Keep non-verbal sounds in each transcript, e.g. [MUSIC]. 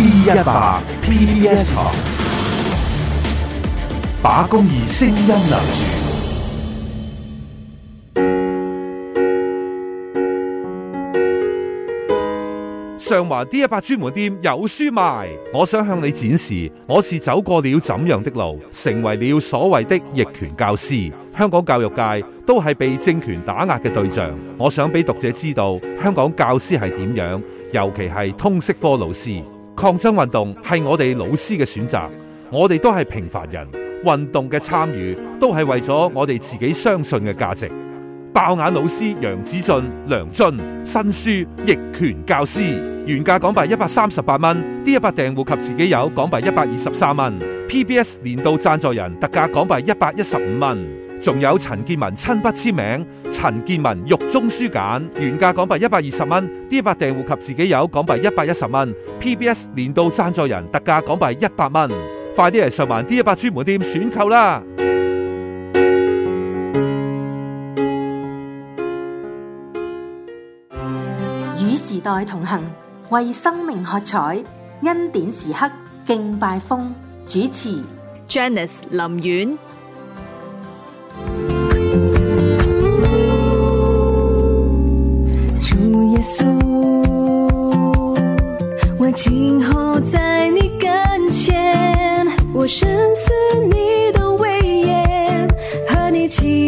P 一百 PBS 把公義聲音留住。上華 D 一百專門店有書賣。我想向你展示，我是走過了怎樣的路，成為了所謂的逆權教師。香港教育界都係被政權打壓嘅對象。我想俾讀者知道，香港教師係點樣，尤其係通識科老師。抗爭運動係我哋老師嘅選擇，我哋都係平凡人，運動嘅參與都係為咗我哋自己相信嘅價值。爆眼老師楊子俊、梁俊、新書逆權教師，原價港幣一百三十八蚊，呢一百訂戶及自己有港幣一百二十三蚊。PBS 年度贊助人特價港幣一百一十五蚊。仲有陳建文親筆簽名，陳建文獄中書簡，原價港幣一百二十蚊，D 一百訂戶及自己有港幣一百一十蚊，PBS 年度贊助人特價港幣一百蚊，快啲嚟上萬 D 一百專門店選購啦！與時代同行，為生命喝彩，恩典時刻敬拜風，主持 Janice 林苑。嗯，主耶穌，我靜候在你跟前，我深思你的威嚴，和你起。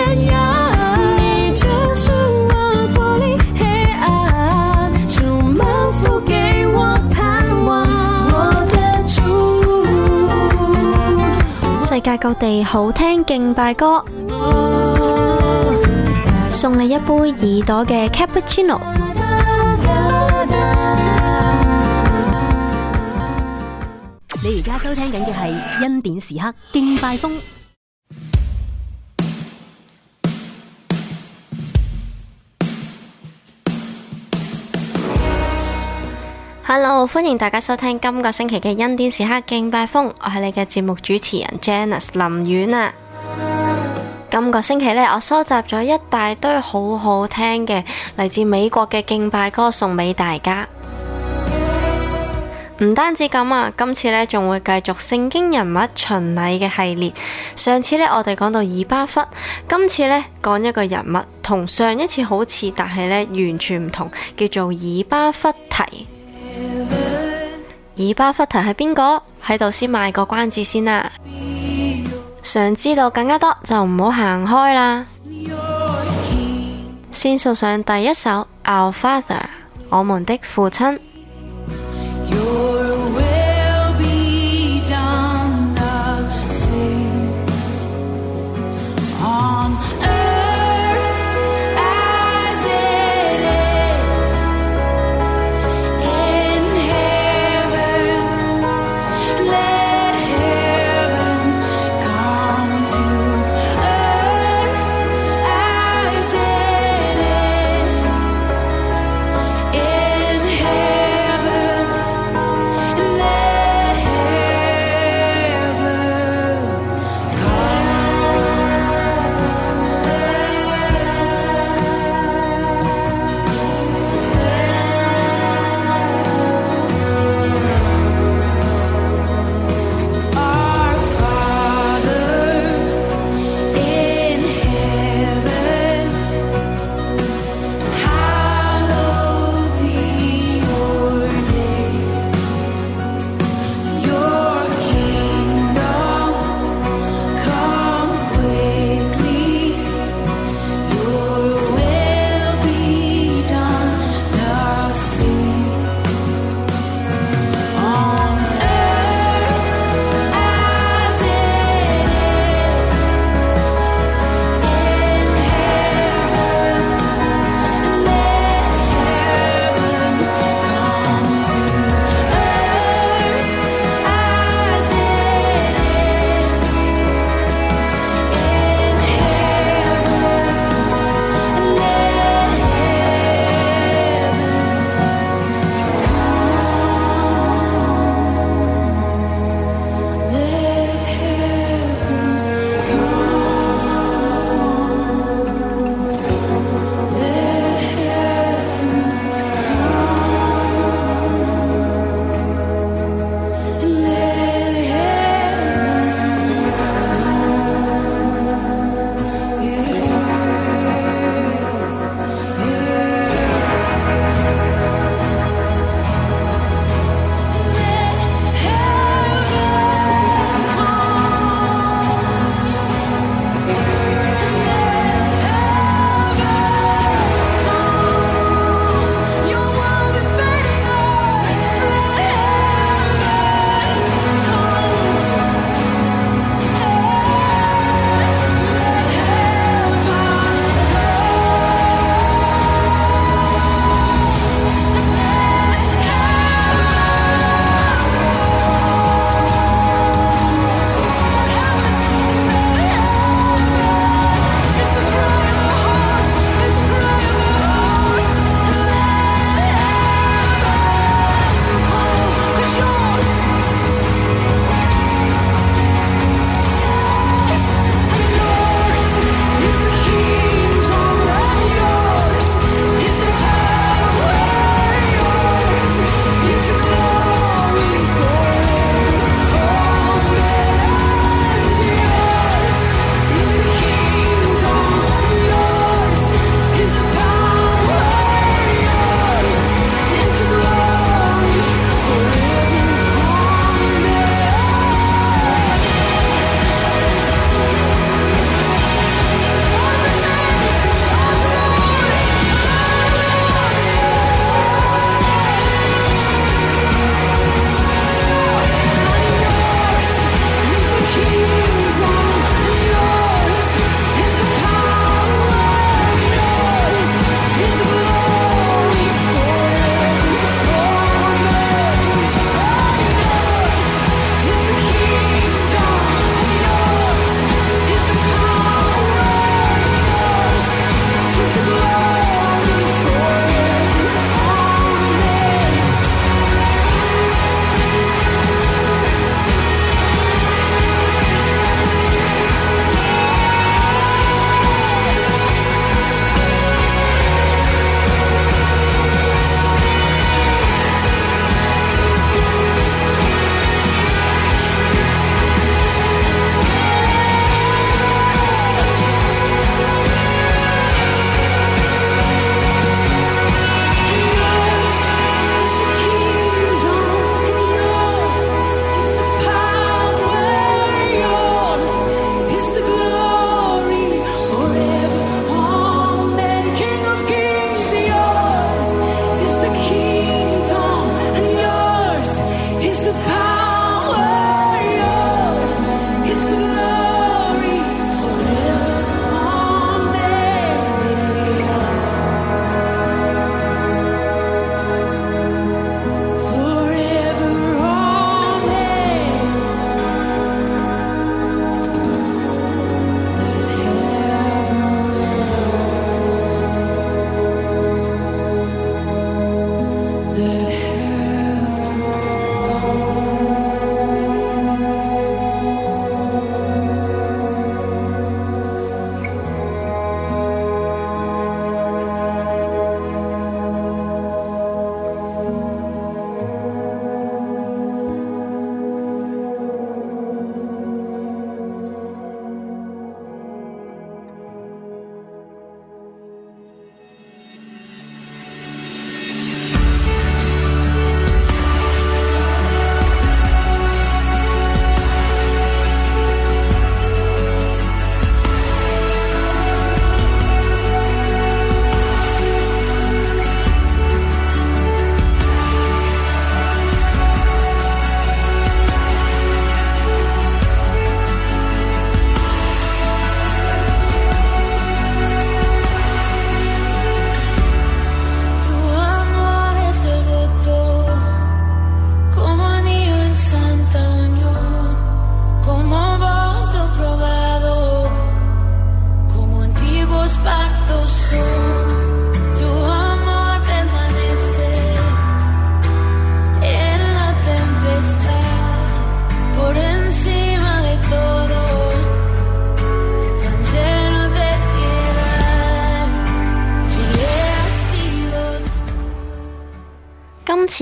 世界各地好聽敬拜歌，送你一杯耳朵嘅 cappuccino。你而家收聽緊嘅係恩典時刻敬拜風。Hello，歡迎大家收聽今個星期嘅恩典時刻敬拜風。我係你嘅節目主持人 Janice 林婉啊。今個星期呢，我收集咗一大堆好好聽嘅嚟自美國嘅敬拜歌，送俾大家。唔單止咁啊，今次呢，仲會繼續聖經人物巡禮嘅系列。上次呢，我哋講到以巴弗；今次呢，講一個人物，同上一次好似，但係呢完全唔同，叫做以巴弗提。以巴弗提係邊個？喺度先賣個關子先啦，想知道更加多就唔好行開啦。Your King，先送上第一首 Our Father，我們的父親。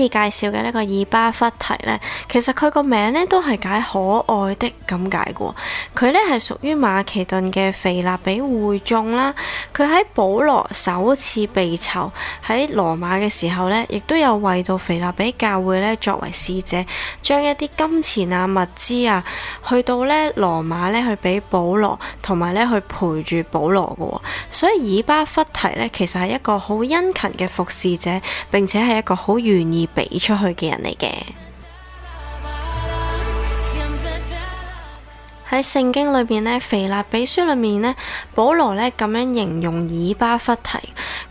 介紹嘅呢個以巴弗提呢，其實佢個名呢都係解可愛的咁解嘅。佢呢係屬於馬其頓嘅腓立比會眾啦。佢喺保羅首次被囚喺羅馬嘅時候呢，亦都有為到腓立比教會呢作為使者，將一啲金錢啊物資啊去到呢羅馬呢去俾保羅，同埋呢去陪住保羅嘅。所以以巴弗提呢，其實係一個好殷勤嘅服侍者，並且係一個好願意俾出去嘅人嚟嘅。喺聖經裏邊咧，腓立比書裏面咧，保羅咧咁樣形容以巴弗提，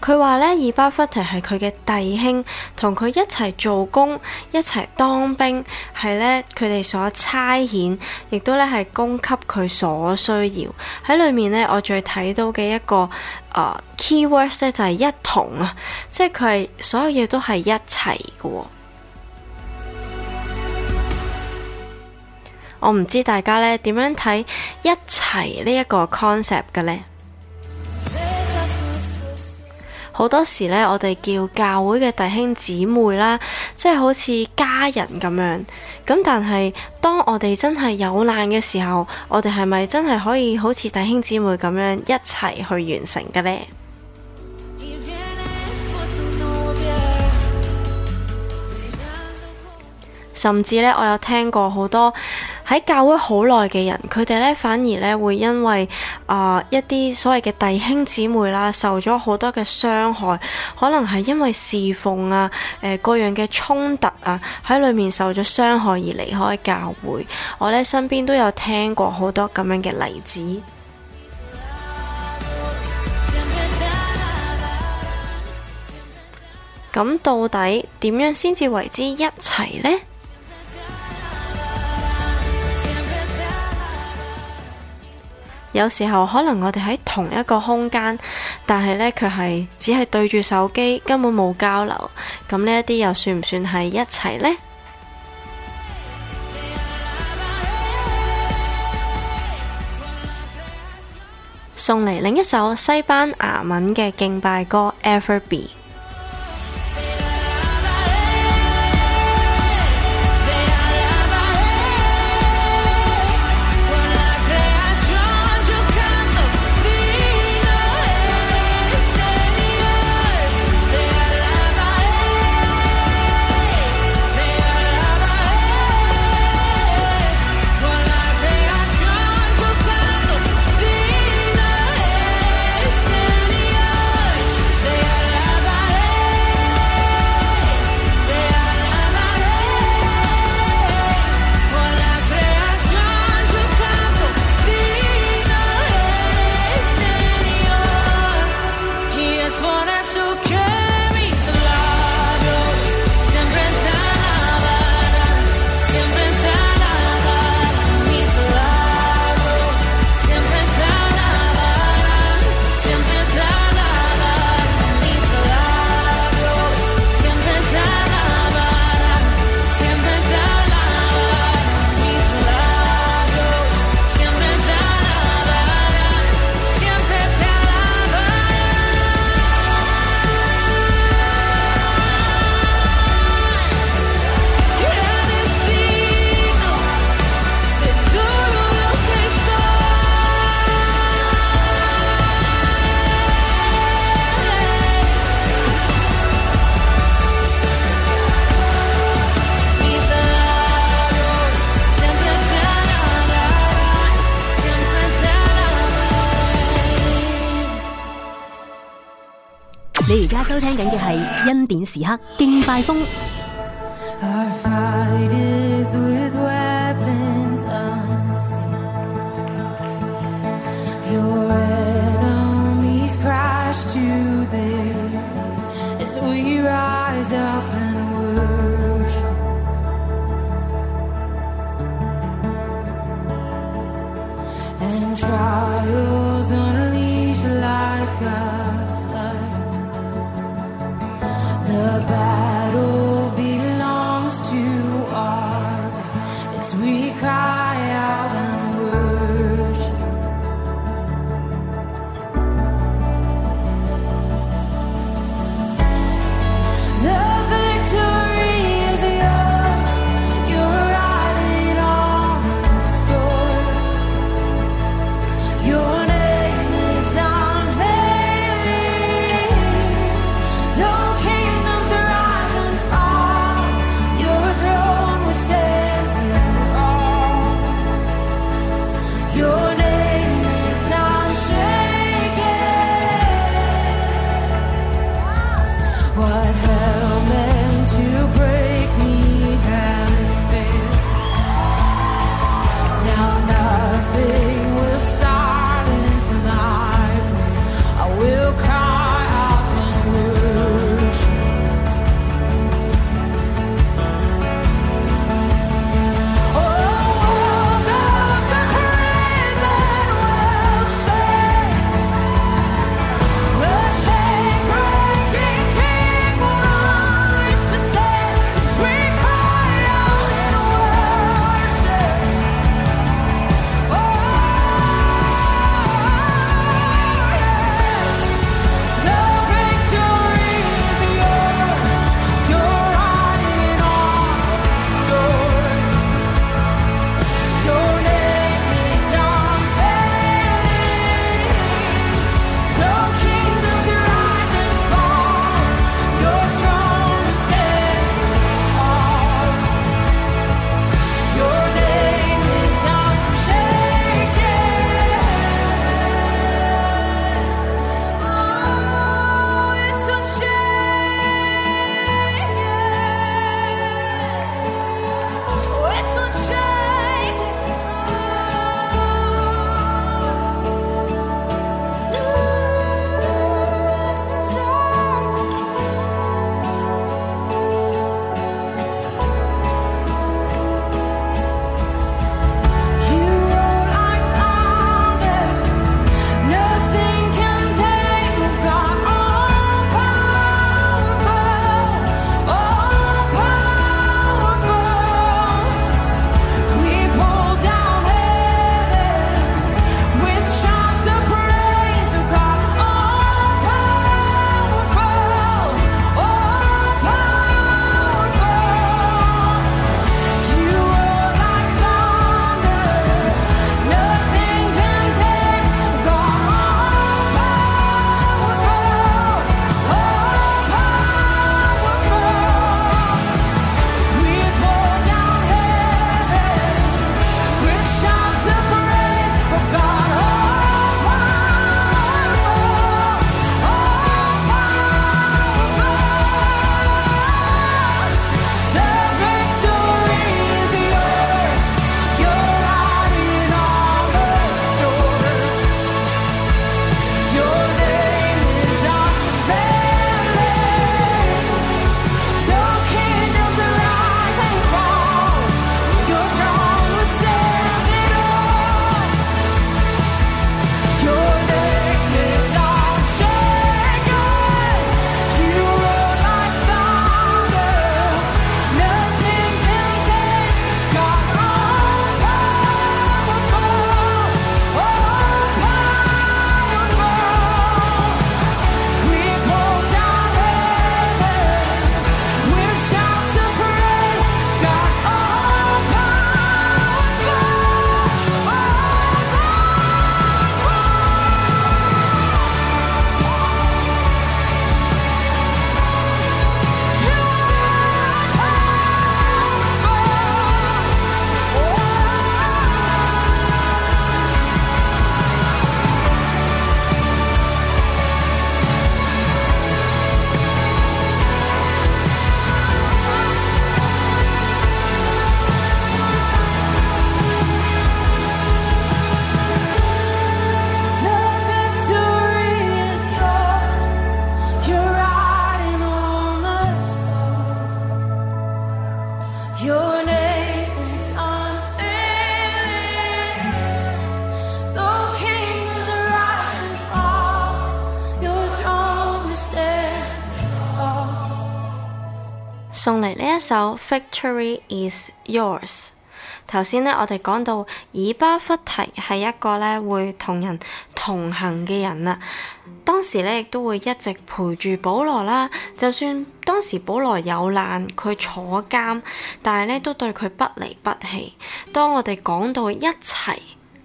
佢話咧以巴弗提係佢嘅弟兄，同佢一齊做工，一齊當兵，係咧佢哋所差遣，亦都咧係供給佢所需要。喺裏面咧，我最睇到嘅一個、呃、key words 咧就係一同啊，即係佢係所有嘢都係一齊過。我唔知大家呢點樣睇一齊呢一個 concept 嘅呢？好多時呢，我哋叫教會嘅弟兄姊妹啦，即係好似家人咁樣，咁但係當我哋真係有難嘅時候，我哋係咪真係可以好似弟兄姊妹咁樣一齊去完成嘅呢？甚至咧，我有聽過好多喺教會好耐嘅人，佢哋咧反而咧會因為啊、呃、一啲所謂嘅弟兄姊妹啦，受咗好多嘅傷害，可能係因為侍奉啊、誒、呃、各樣嘅衝突啊，喺裏面受咗傷害而離開教會。我咧身邊都有聽過好多咁樣嘅例子。咁 [MUSIC] 到底點樣先至為之一齊呢？有時候可能我哋喺同一個空間，但係呢，佢係只係對住手機，根本冇交流。咁呢一啲又算唔算係一齊呢？ [MUSIC] 送嚟另一首西班牙文嘅敬拜歌《Ever Be》。恩典時刻，敬拜風。首《Victory Is Yours》。頭先咧，我哋講到以巴弗提係一個咧會同人同行嘅人啦。當時咧亦都會一直陪住保羅啦。就算當時保羅有難，佢坐監，但係咧都對佢不離不棄。當我哋講到一齊。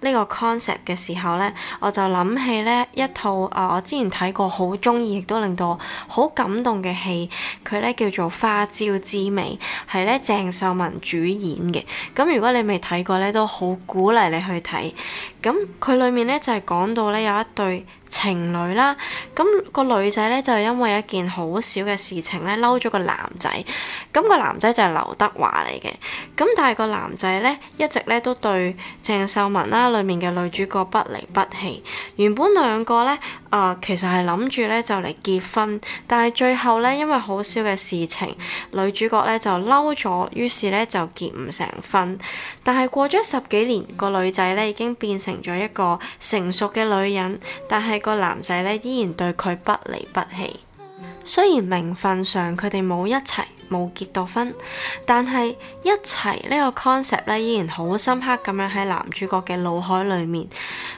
呢個 concept 嘅時候咧，我就諗起咧一套啊，我之前睇過好中意，亦都令到我好感動嘅戲，佢咧叫做《花椒之味》，係咧鄭秀文主演嘅。咁如果你未睇過咧，都好鼓勵你去睇。咁佢裏面咧就係講到咧有一對情侶啦，咁個女仔咧就因為一件好小嘅事情咧嬲咗個男仔，咁個男仔就係劉德華嚟嘅，咁但係個男仔咧一直咧都對鄭秀文啦裏面嘅女主角不離不棄。原本兩個咧啊、呃，其實係諗住咧就嚟結婚，但係最後咧因為好小嘅事情，女主角咧就嬲咗，於是咧就結唔成婚。但係過咗十幾年，個女仔咧已經變成咗一個成熟嘅女人，但係。個男仔呢，依然對佢不離不棄。雖然名份上佢哋冇一齊冇結到婚，但係一齊呢個 concept 咧，依然好深刻咁樣喺男主角嘅腦海裡面。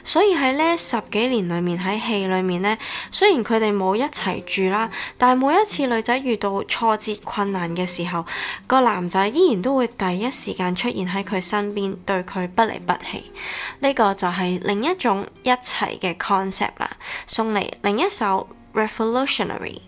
所以喺呢十幾年裡面喺戲裡面呢，雖然佢哋冇一齊住啦，但係每一次女仔遇到挫折困難嘅時候，個男仔依然都會第一時間出現喺佢身邊，對佢不離不棄。呢個就係另一種一齊嘅 concept 啦。送嚟另一首 revolutionary。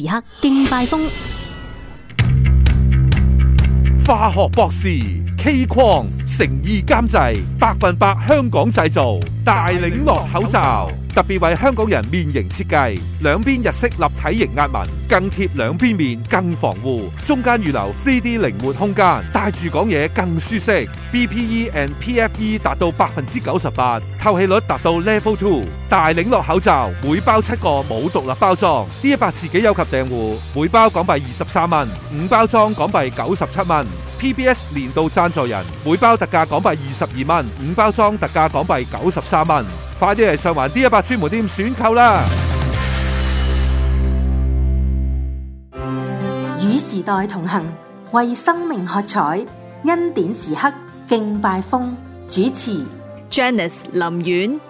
時刻勁快風，化學博士 K 框誠意監製，百分百香港製造大領諾口罩，特別為香港人面型設計，兩邊日式立體型壓紋，更貼兩邊面，更防護，中間預留 3D 靈活空間，戴住講嘢更舒適，B P E and P F E 達到百分之九十八，透氣率達到 Level Two。大領落口罩，每包七個，冇獨立包裝。D100 自己有及訂戶，每包港幣二十三蚊，五包裝港幣九十七蚊。PBS 年度贊助人，每包特價港幣二十二蚊，五包裝特價港幣九十三蚊。快啲嚟上環 D100 專門店選購啦！與時代同行，為生命喝彩，恩典時刻敬拜風主持 Janice 林苑。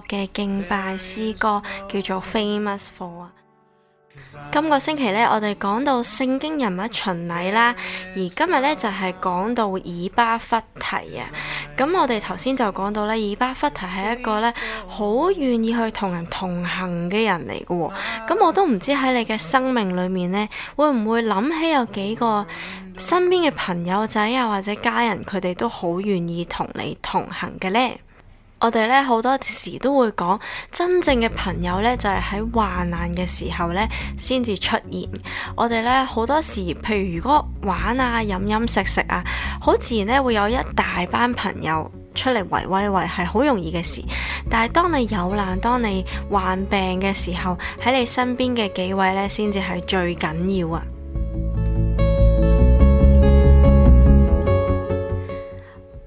嘅敬拜詩歌叫做《Famous For》啊！今個星期呢，我哋講到聖經人物巡禮啦，而今日呢，就係講到以巴弗提啊！咁我哋頭先就講到咧，以巴弗提係一個呢好願意去同人同行嘅人嚟㗎喎。咁我都唔知喺你嘅生命裏面呢，會唔會諗起有幾個身邊嘅朋友仔啊，或者家人，佢哋都好願意同你同行嘅呢？我哋呢好多時都會講，真正嘅朋友呢就係喺患難嘅時候呢先至出現。我哋呢好多時，譬如如果玩啊、飲飲食食啊，好自然呢會有一大班朋友出嚟圍圍圍，係好容易嘅事。但係當你有難、當你患病嘅時候，喺你身邊嘅幾位呢先至係最緊要啊！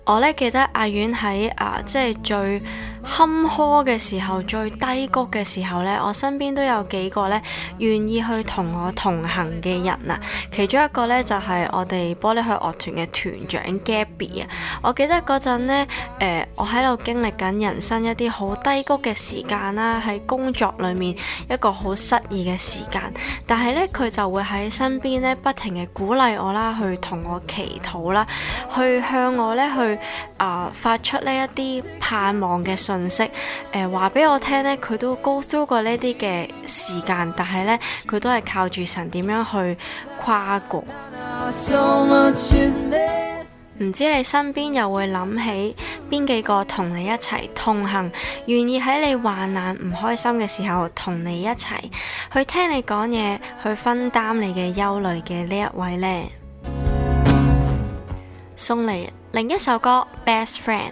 我咧記得阿遠喺啊，即係最坎坷嘅時候，最低谷嘅時候咧，我身邊都有幾個咧願意去同我同行嘅人啊。其中一個咧就係、是、我哋玻璃海樂團嘅團長 Gabby 啊。我記得嗰陣咧，誒、呃，我喺度經歷緊人生一啲好低谷嘅時間啦、啊，喺工作裏面一個好失意嘅時間。但係咧，佢就會喺身邊咧不停嘅鼓勵我啦，去同我祈禱啦，去向我咧去啊、呃、發出呢一啲盼望嘅信。信息，誒話俾我聽呢，佢都 go through 過呢啲嘅時間，但係呢，佢都係靠住神點樣去跨過。唔 [MUSIC] 知你身邊又會諗起邊幾個同你一齊同行，願意喺你患難唔開心嘅時候同你一齊去聽你講嘢，去分擔你嘅憂慮嘅呢一位呢？ [MUSIC] 送嚟另一首歌《Best Friend》。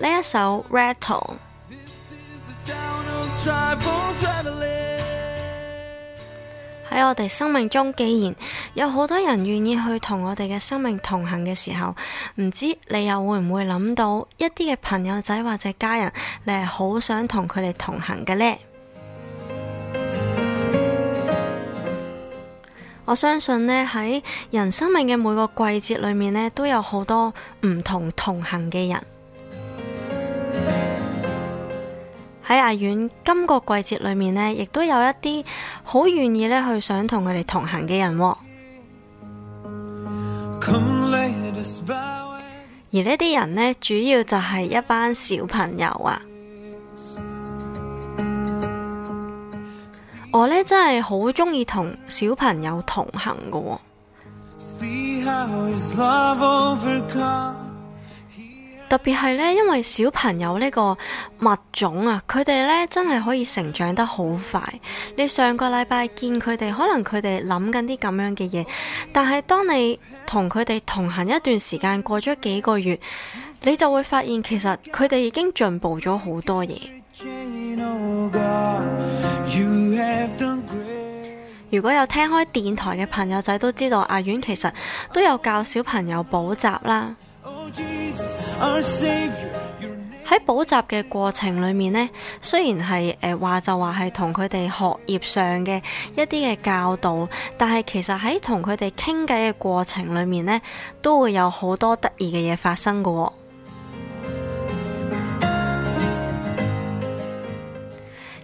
呢一首《Rattle》喺我哋生命中，既然有好多人願意去同我哋嘅生命同行嘅時候，唔知你又會唔會諗到一啲嘅朋友仔或者家人，你係好想同佢哋同行嘅咧？我相信咧，喺人生命嘅每個季節裏面咧，都有好多唔同同行嘅人。喺阿遠今個季節裏面呢，亦都有一啲好願意咧去想同佢哋同行嘅人。哦，Come, bow, 而呢啲人呢，主要就係一班小朋友啊。See, 我呢，真係好中意同小朋友同行噶。哦。特別係呢，因為小朋友呢個物種啊，佢哋呢真係可以成長得好快。你上個禮拜見佢哋，可能佢哋諗緊啲咁樣嘅嘢，但係當你同佢哋同行一段時間，過咗幾個月，你就會發現其實佢哋已經進步咗好多嘢。 [MUSIC] 如果有聽開電台嘅朋友仔都知道，阿遠其實都有教小朋友補習啦。喺補習嘅過程裏面呢，雖然係誒、呃、話就話係同佢哋學業上嘅一啲嘅教導，但係其實喺同佢哋傾偈嘅過程裏面呢，都會有好多得意嘅嘢發生㗎。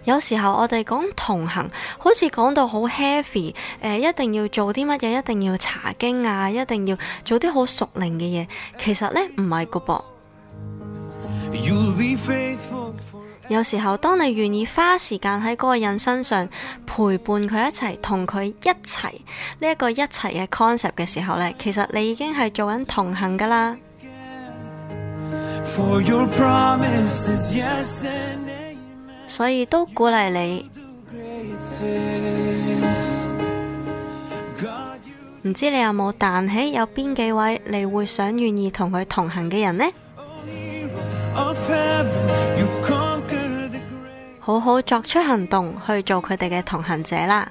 有時候我哋講同行，好似講到好 heavy，誒、呃、一定要做啲乜嘢，一定要查經啊，一定要做啲好屬靈嘅嘢。其實呢，唔係個噃。有時候當你願意花時間喺嗰個人身上陪伴佢一齊，同佢一齊呢一個一齊嘅 concept 嘅時候呢，其實你已經係做緊同行噶啦。所以都鼓勵你，唔知你有冇彈起？有邊幾位你會想願意同佢同行嘅人呢？好好作出行動去做佢哋嘅同行者啦！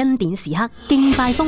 恩典時刻，敬拜風。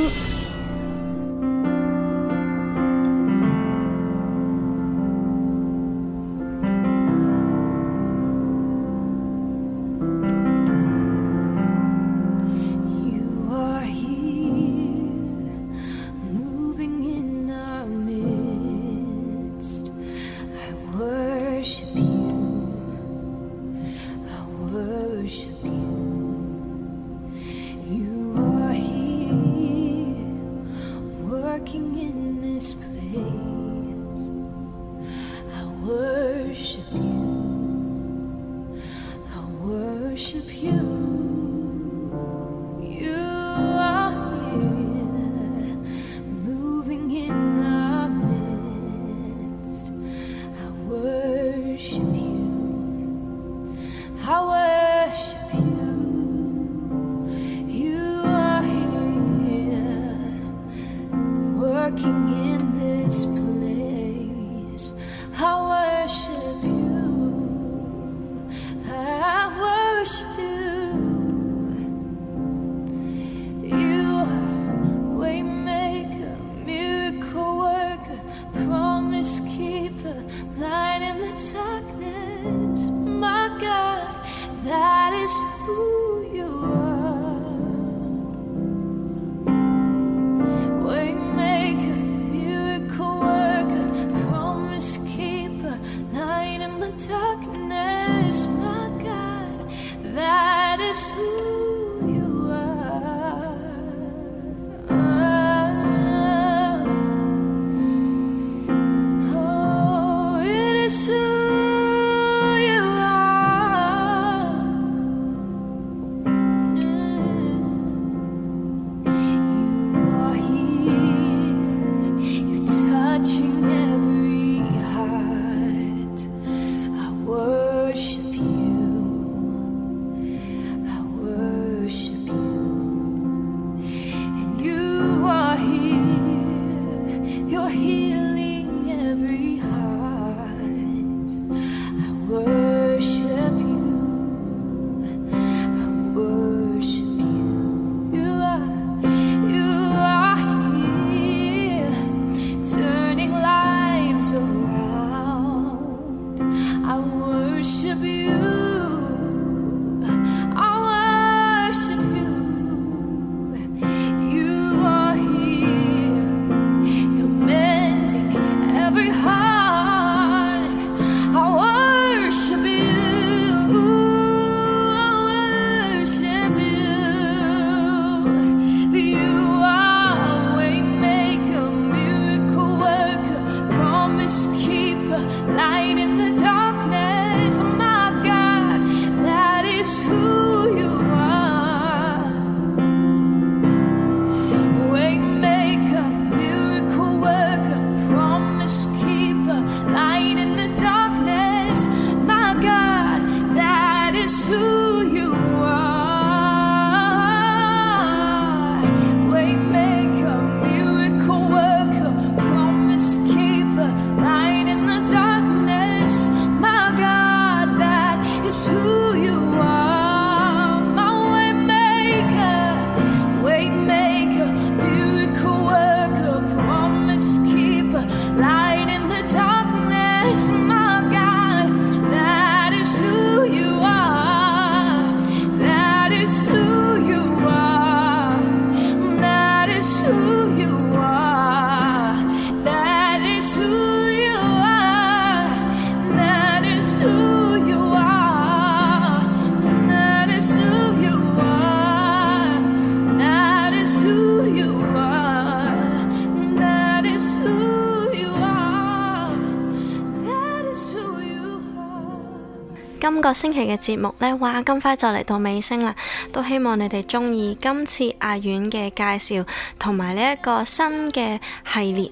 個星期嘅節目呢，哇！咁快就嚟到尾聲啦，都希望你哋中意今次阿遠嘅介紹，同埋呢一個新嘅系列，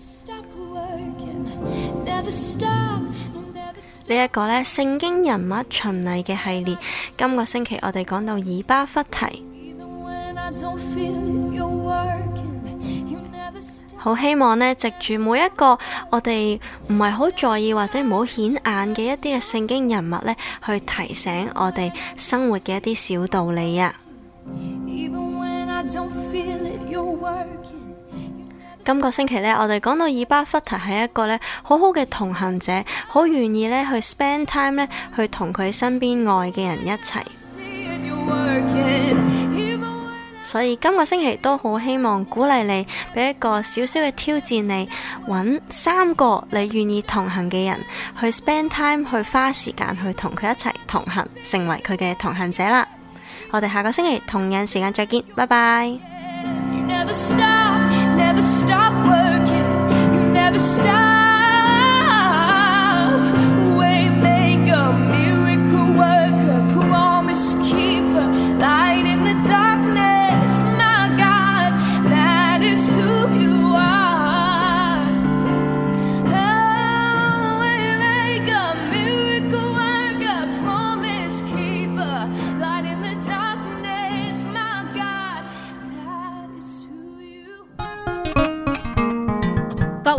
呢一 [NOISE] 個呢，聖經人物巡禮嘅系列。今個星期我哋講到以巴弗提。 [NOISE] 好希望咧，藉住每一個我哋唔係好在意或者唔好顯眼嘅一啲嘅聖經人物呢，去提醒我哋生活嘅一啲小道理啊。It, working, 今個星期呢，我哋講到以巴弗提係一個咧好好嘅同行者，好願意咧去 spend time 咧去同佢身邊愛嘅人一齊。 [MUSIC] 所以今個星期都好希望鼓勵你，俾一個小小嘅挑戰你，揾三個你願意同行嘅人去 spend time，去花時間去同佢一齊同行，成為佢嘅同行者啦。我哋下個星期同樣時間再見，拜拜。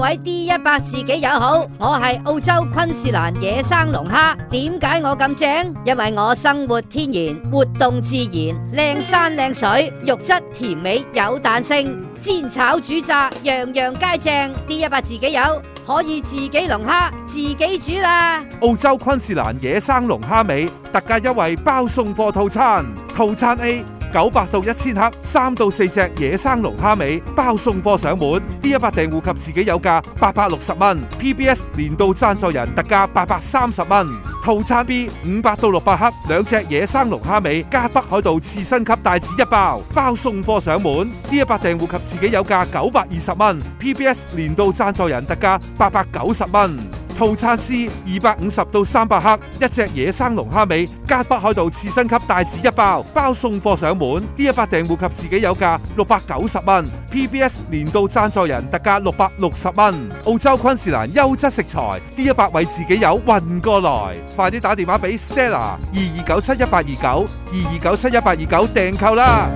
各位 D100 自己友好，我係澳洲昆士蘭野生龍蝦，點解我咁正？因為我生活天然，活動自然，靚山靚水，肉質甜美，有彈性，煎炒煮炸樣樣皆正。D100 自己友，可以自己龍蝦自己煮啦。澳洲昆士蘭野生龍蝦尾，特價優惠包送貨套餐，套餐 A。九百到一千克，三到四隻野生龍蝦尾，包送貨上門。D100 訂戶及自己有價八百六十蚊。PBS 年度贊助人特價八百三十蚊。套餐 B 五百到六百克，兩隻野生龍蝦尾加北海道刺身級帶子一包，包送貨上門。D100 訂戶及自己有價九百二十蚊。PBS 年度贊助人特價八百九十蚊。套餐是二百五十到三百克，一隻野生龍蝦尾加北海道刺身級帶子一包，包送貨上門。D 一百訂戶及自己有價六百九十蚊，PBS 年度贊助人特價六百六十蚊。澳洲昆士蘭優質食材，D 一百為自己有運過來，快啲打電話俾 Stella 二二九七一八二九二二九七一八二九訂購啦。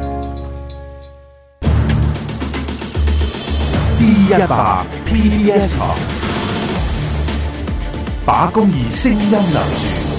D 一百 PBS。把公義聲音留住。